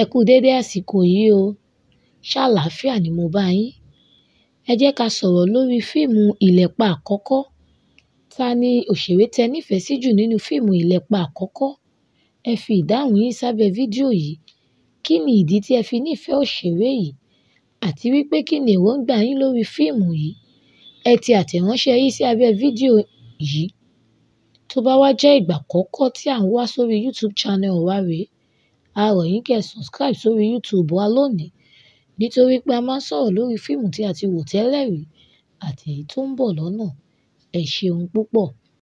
ẹ kú dédé àsìkò yìí o ṣàlàáfíà ni mo bá yín ẹ jẹ́ ká sọ̀rọ̀ lórí fíìmù ìlẹ̀pa àkọ́kọ́ ta ni òṣèré tẹ nífẹ̀ẹ́ sí jù nínú fíìmù ìlẹ̀pa àkọ́kọ́ ẹ fi ìdáhùn yín sábẹ́ fídíò yìí kí ni ìdí tí ẹ fi nífẹ̀ẹ́ òṣèré yìí àti wípé kí ni èròǹgbà yín lórí fíìmù yìí ẹ ti àtẹ̀ránṣẹ́ yín sí abẹ́ fídíò yìí tó bá wá jẹ́ ìgbà àkọ́kọ́ tí à ń wá sórí YouTube channel wa rèé A rọ̀ yín kí ẹ subscribe sórí YouTube wa lónìí nítorí pé a máa ń sọ̀rọ̀ lórí fíìmù tí a ti wò tẹ́lẹ̀ rí àti èyí tó ń bọ̀ lọ́nà. Ẹ ṣeun púpọ̀!